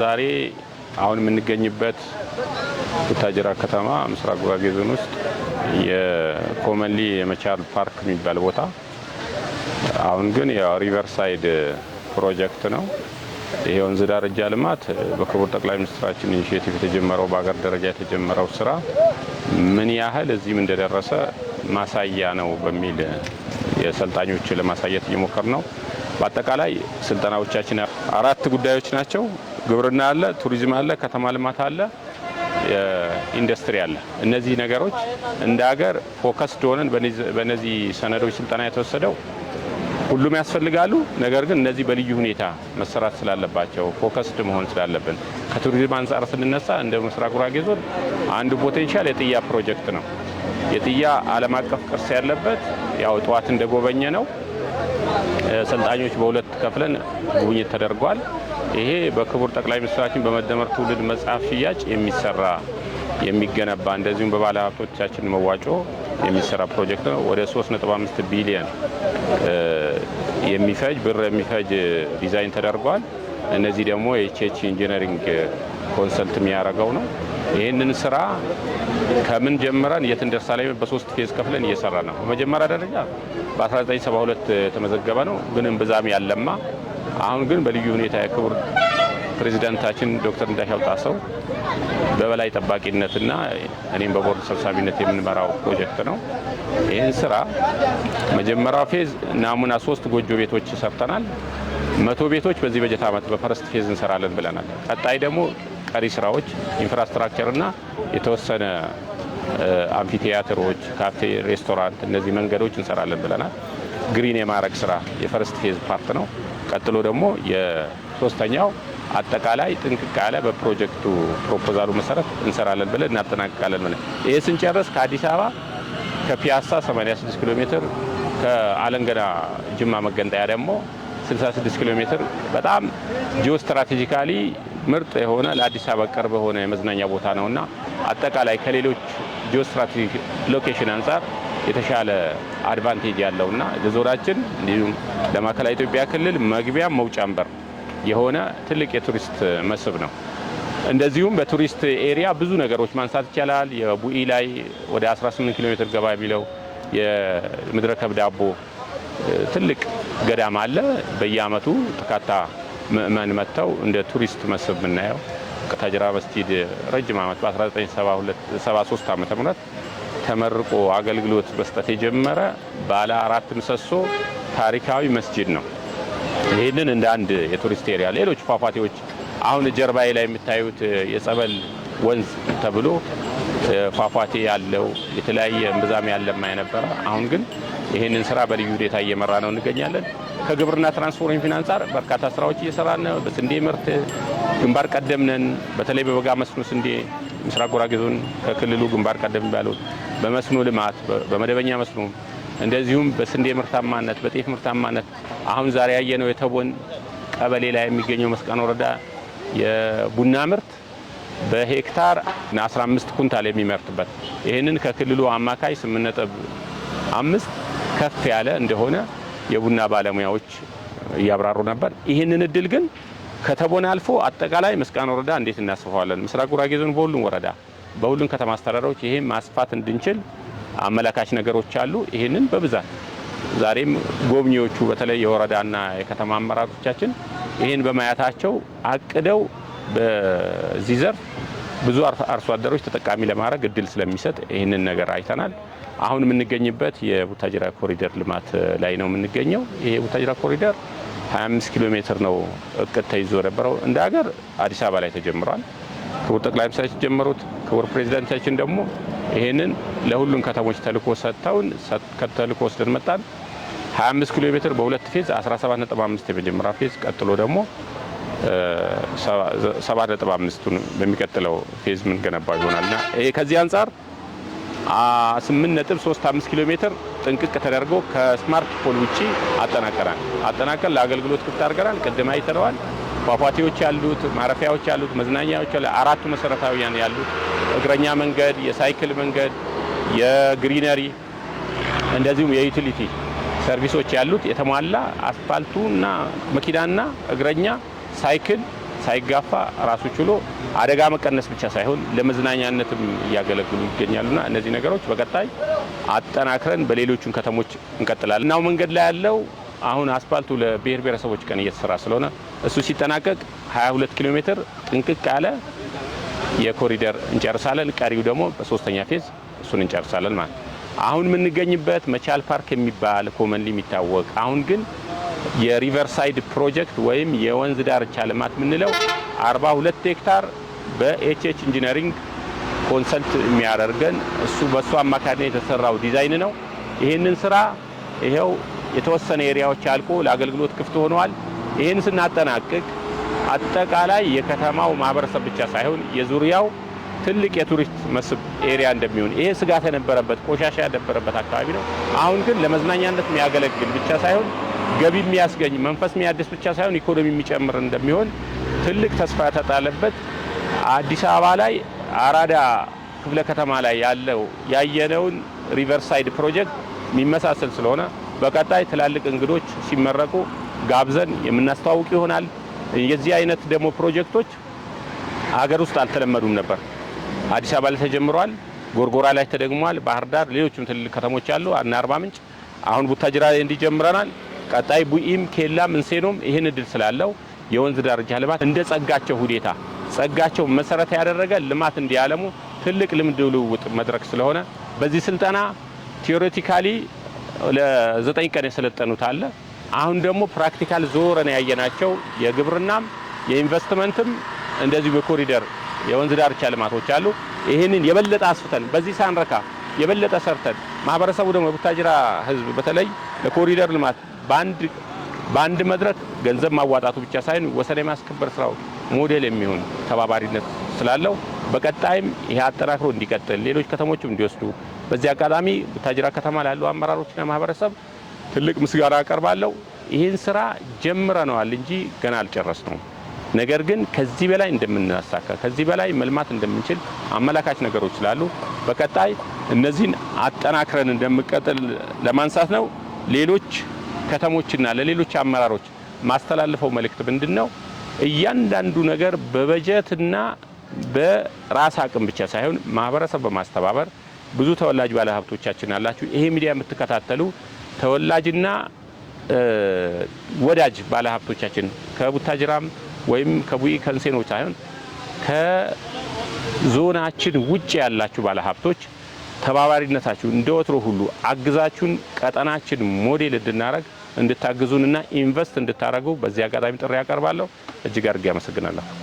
ዛሬ አሁን የምንገኝበት ቡታጅራ ከተማ ምስራቅ ጉራጌ ዞን ውስጥ የኮመንሊ የመቻል ፓርክ የሚባል ቦታ አሁን ግን የሪቨርሳይድ ፕሮጀክት ነው። ይሄ ወንዝ ዳርጃ ልማት በክቡር ጠቅላይ ሚኒስትራችን ኢኒሽቲቭ የተጀመረው በሀገር ደረጃ የተጀመረው ስራ ምን ያህል እዚህም እንደደረሰ ማሳያ ነው በሚል የሰልጣኞች ለማሳየት እየሞከር ነው። በአጠቃላይ ስልጠናዎቻችን አራት ጉዳዮች ናቸው። ግብርና አለ፣ ቱሪዝም አለ፣ ከተማ ልማት አለ፣ ኢንዱስትሪ አለ። እነዚህ ነገሮች እንደ ሀገር ፎከስድ ሆነን በእነዚህ ሰነዶች ስልጠና የተወሰደው ሁሉም ያስፈልጋሉ። ነገር ግን እነዚህ በልዩ ሁኔታ መሰራት ስላለባቸው ፎከስድ መሆን ስላለብን ከቱሪዝም አንጻር ስንነሳ እንደ ምስራቅ ጉራጌ ዞን አንዱ ፖቴንሻል የጥያ ፕሮጀክት ነው። የጥያ ዓለም አቀፍ ቅርስ ያለበት ያው ጠዋት እንደጎበኘ ነው ሰልጣኞች በሁለት ከፍለን ጉብኝት ተደርጓል። ይሄ በክቡር ጠቅላይ ሚኒስትራችን በመደመር ትውልድ መጽሐፍ ሽያጭ የሚሰራ የሚገነባ እንደዚሁም በባለ ሀብቶቻችን መዋጮ የሚሰራ ፕሮጀክት ነው። ወደ 3.5 ቢሊየን የሚፈጅ ብር የሚፈጅ ዲዛይን ተደርጓል። እነዚህ ደግሞ የቼች ኢንጂነሪንግ ኮንሰልት የሚያደርገው ነው። ይህንን ስራ ከምን ጀምረን የት እንደርሳለን? በሶስት ፌዝ ከፍለን እየሰራ ነው። በመጀመሪያ ደረጃ በ1972 የተመዘገበ ነው፣ ግን እምብዛም ያለማ አሁን ግን በልዩ ሁኔታ የክቡር ፕሬዚዳንታችን ዶክተር እንዳሻው ጣሰው በበላይ ጠባቂነትና እኔም በቦርድ ሰብሳቢነት የምንመራው ፕሮጀክት ነው። ይህን ስራ መጀመሪያው ፌዝ ናሙና ሶስት ጎጆ ቤቶች ሰርተናል። መቶ ቤቶች በዚህ በጀት ዓመት በፈረስት ፌዝ እንሰራለን ብለናል። ቀጣይ ደግሞ ቀሪ ስራዎች ኢንፍራስትራክቸር ና የተወሰነ አምፊቲያትሮች፣ ካፌ፣ ሬስቶራንት እነዚህ መንገዶች እንሰራለን ብለናል። ግሪን የማረግ ስራ የፈርስት ፌዝ ፓርት ነው። ቀጥሎ ደግሞ የሶስተኛው አጠቃላይ ጥንቅቅ ያለ በፕሮጀክቱ ፕሮፖዛሉ መሰረት እንሰራለን ብለን እናጠናቅቃለን ብለን ይሄ ስንጨርስ ከአዲስ አበባ ከፒያሳ 86 ኪሎ ሜትር ከአለንገና ጅማ መገንጠያ ደግሞ 66 ኪሎ ሜትር በጣም ጂኦስትራቴጂካሊ ምርጥ የሆነ ለአዲስ አበባ ቅርብ የሆነ የመዝናኛ ቦታ ነው እና አጠቃላይ ከሌሎች ጂኦስትራቴጂክ ሎኬሽን አንጻር የተሻለ አድቫንቴጅ ያለው እና ለዞናችን እንዲሁም ለማዕከላዊ ኢትዮጵያ ክልል መግቢያ መውጫ በር የሆነ ትልቅ የቱሪስት መስህብ ነው። እንደዚሁም በቱሪስት ኤሪያ ብዙ ነገሮች ማንሳት ይቻላል። የቡኢ ላይ ወደ 18 ኪሎ ሜትር ገባ የሚለው የምድረ ከብድ ትልቅ ገዳም አለ። በየአመቱ በርካታ ምእመን መጥተው እንደ ቱሪስት መስህብ የምናየው ከታጅራ መስጂድ ረጅም ዓመት በ1973 ዓ ም ተመርቆ አገልግሎት መስጠት የጀመረ ባለ አራት ምሰሶ ታሪካዊ መስጂድ ነው። ይህንን እንደ አንድ የቱሪስት ኤሪያ ሌሎች ፏፏቴዎች አሁን ጀርባዬ ላይ የምታዩት የጸበል ወንዝ ተብሎ ፏፏቴ ያለው የተለያየ እምብዛም ያለማ የነበረ አሁን ግን ይህንን ስራ በልዩ ሁኔታ እየመራ ነው እንገኛለን። ከግብርና ትራንስፎርሜሽን አንጻር በርካታ ስራዎች እየሰራን ነው። በስንዴ ምርት ግንባር ቀደም ነን። በተለይ በበጋ መስኖ ስንዴ ምስራቅ ጉራጌ ዞን ከክልሉ ግንባር ቀደም ባሉት በመስኖ ልማት፣ በመደበኛ መስኖ እንደዚሁም በስንዴ ምርታማነት፣ በጤፍ ምርታማነት አሁን ዛሬ ያየነው የተቦን ቀበሌ ላይ የሚገኘው መስቃን ወረዳ የቡና ምርት በሄክታር 15 ኩንታል የሚመርትበት ይህንን ከክልሉ አማካይ 8.5 ከፍ ያለ እንደሆነ የቡና ባለሙያዎች እያብራሩ ነበር። ይህንን እድል ግን ከተቦን አልፎ አጠቃላይ መስቃን ወረዳ እንዴት እናስፋዋለን፣ ምስራቅ ጉራጌ ዞን በሁሉም ወረዳ በሁሉም ከተማ አስተዳደሮች ይሄ ማስፋት እንድንችል አመላካች ነገሮች አሉ። ይህንን በብዛት ዛሬም ጎብኚዎቹ በተለይ የወረዳና የከተማ አመራሮቻችን ይህን በማየታቸው አቅደው በዚህ ዘርፍ ብዙ አርሶ አደሮች ተጠቃሚ ለማድረግ እድል ስለሚሰጥ ይህንን ነገር አይተናል። አሁን የምንገኝበት የቡታጅራ ኮሪደር ልማት ላይ ነው የምንገኘው። ይሄ የቡታጅራ ኮሪደር 25 ኪሎ ሜትር ነው እቅድ ተይዞ ነበረው። እንደ ሀገር አዲስ አበባ ላይ ተጀምሯል። ክቡር ጠቅላይ ሚኒስትራችን ጀመሩት። ክቡር ፕሬዚዳንታችን ደግሞ ይህንን ለሁሉም ከተሞች ተልኮ ሰጥተውን ከተልእኮ ወስደን መጣን። 25 ኪሎ ሜትር በሁለት ፌዝ 17.5 የመጀመሪያ ፌዝ ቀጥሎ ደግሞ ሰባት ነጥብ አምስቱን በሚቀጥለው ፌዝ ምን ገነባ ይሆናል ና ይሆናልና ከዚህ አንጻር ስምንት ነጥብ ሶስት አምስት ኪሎ ሜትር ጥንቅቅ ተደርጎ ከስማርት ፖል ውጭ አጠናቀናል አጠናቀን ለአገልግሎት ክፍት አድርገናል። ቅድም አይተነዋል። ፏፏቴዎች ያሉት፣ ማረፊያዎች ያሉት፣ መዝናኛዎች ያሉት፣ አራቱ መሰረታዊያን ያሉት እግረኛ መንገድ፣ የሳይክል መንገድ፣ የግሪነሪ እንደዚሁም የዩቲሊቲ ሰርቪሶች ያሉት የተሟላ አስፋልቱና መኪናና እግረኛ ሳይክል ሳይጋፋ ራሱ ችሎ አደጋ መቀነስ ብቻ ሳይሆን ለመዝናኛነትም እያገለግሉ ይገኛሉና እነዚህ ነገሮች በቀጣይ አጠናክረን በሌሎቹን ከተሞች እንቀጥላለን። እናው መንገድ ላይ ያለው አሁን አስፓልቱ ለብሔር ብሔረሰቦች ቀን እየተሰራ ስለሆነ እሱ ሲጠናቀቅ 22 ኪሎ ሜትር ጥንቅቅ ያለ የኮሪደር እንጨርሳለን። ቀሪው ደግሞ በሶስተኛ ፌዝ እሱን እንጨርሳለን ማለት አሁን የምንገኝበት መቻል ፓርክ የሚባል ኮመንሊ የሚታወቅ አሁን ግን የሪቨርሳይድ ፕሮጀክት ወይም የወንዝ ዳርቻ ልማት የምንለው 42 ሄክታር በኤችኤች ኢንጂነሪንግ ኮንሰልት የሚያደርገን እሱ በእሱ አማካኝነት የተሰራው ዲዛይን ነው። ይህንን ስራ ይኸው የተወሰነ ኤሪያዎች አልቆ ለአገልግሎት ክፍት ሆነዋል። ይህን ስናጠናቅቅ አጠቃላይ የከተማው ማህበረሰብ ብቻ ሳይሆን የዙሪያው ትልቅ የቱሪስት መስህብ ኤሪያ እንደሚሆን ይሄ ስጋት የነበረበት ቆሻሻ የነበረበት አካባቢ ነው። አሁን ግን ለመዝናኛነት የሚያገለግል ብቻ ሳይሆን ገቢ የሚያስገኝ መንፈስ የሚያድስ ብቻ ሳይሆን ኢኮኖሚ የሚጨምር እንደሚሆን ትልቅ ተስፋ ተጣለበት። አዲስ አበባ ላይ አራዳ ክፍለ ከተማ ላይ ያለው ያየነውን ሪቨርሳይድ ፕሮጀክት የሚመሳሰል ስለሆነ በቀጣይ ትላልቅ እንግዶች ሲመረቁ ጋብዘን የምናስተዋውቅ ይሆናል። የዚህ አይነት ደግሞ ፕሮጀክቶች አገር ውስጥ አልተለመዱም ነበር። አዲስ አበባ ላይ ተጀምሯል፣ ጎርጎራ ላይ ተደግሟል፣ ባህር ዳር፣ ሌሎችም ትልልቅ ከተሞች አሉ እና አርባ ምንጭ አሁን ቡታጅራ እንዲጀምረናል። ቀጣይ ቡኢም፣ ኬላም፣ እንሴኖም ይህን እድል ስላለው የወንዝ ዳርቻ ልማት እንደ ጸጋቸው ሁኔታ ጸጋቸው መሰረት ያደረገ ልማት እንዲያለሙ ትልቅ ልምድ ልውውጥ መድረክ ስለሆነ በዚህ ስልጠና ቴዎሬቲካሊ ለዘጠኝ ቀን የሰለጠኑት አለ። አሁን ደግሞ ፕራክቲካል ዞረን ያየናቸው የግብርናም የኢንቨስትመንትም እንደዚሁ በኮሪደር የወንዝ ዳርቻ ልማቶች አሉ። ይህንን የበለጠ አስፍተን በዚህ ሳንረካ የበለጠ ሰርተን ማህበረሰቡ ደግሞ የቡታጅራ ህዝብ በተለይ ለኮሪደር ልማት በአንድ በአንድ መድረክ ገንዘብ ማዋጣቱ ብቻ ሳይሆን ወሰን የማስከበር ስራው ሞዴል የሚሆን ተባባሪነት ስላለው በቀጣይም ይህ አጠናክሮ እንዲቀጥል ሌሎች ከተሞችም እንዲወስዱ በዚህ አጋጣሚ ቡታጅራ ከተማ ላሉ አመራሮችና ማህበረሰብ ትልቅ ምስጋና አቀርባለሁ። ይህን ስራ ጀምረነዋል እንጂ ገና አልጨረስ ነው። ነገር ግን ከዚህ በላይ እንደምናሳካ ከዚህ በላይ መልማት እንደምንችል አመላካች ነገሮች ስላሉ በቀጣይ እነዚህን አጠናክረን እንደምቀጥል ለማንሳት ነው ሌሎች ከተሞችና ለሌሎች አመራሮች ማስተላልፈው መልእክት ምንድን ነው? እያንዳንዱ ነገር በበጀትና በራስ አቅም ብቻ ሳይሆን ማህበረሰብ በማስተባበር ብዙ ተወላጅ ባለሀብቶቻችን አላችሁ። ይሄ ሚዲያ የምትከታተሉ ተወላጅና ወዳጅ ባለሀብቶቻችን ከቡታጅራም ወይም ከቡኢ ከንሴኖ ሳይሆን ከዞናችን ውጭ ያላችሁ ባለሀብቶች ተባባሪነታችሁ እንደ ወትሮ ሁሉ አግዛችሁን ቀጠናችን ሞዴል እንድናደረግ እንድታግዙንና ኢንቨስት እንድታደረጉ በዚህ አጋጣሚ ጥሪ ያቀርባለሁ። እጅግ አድርጌ አመሰግናለሁ።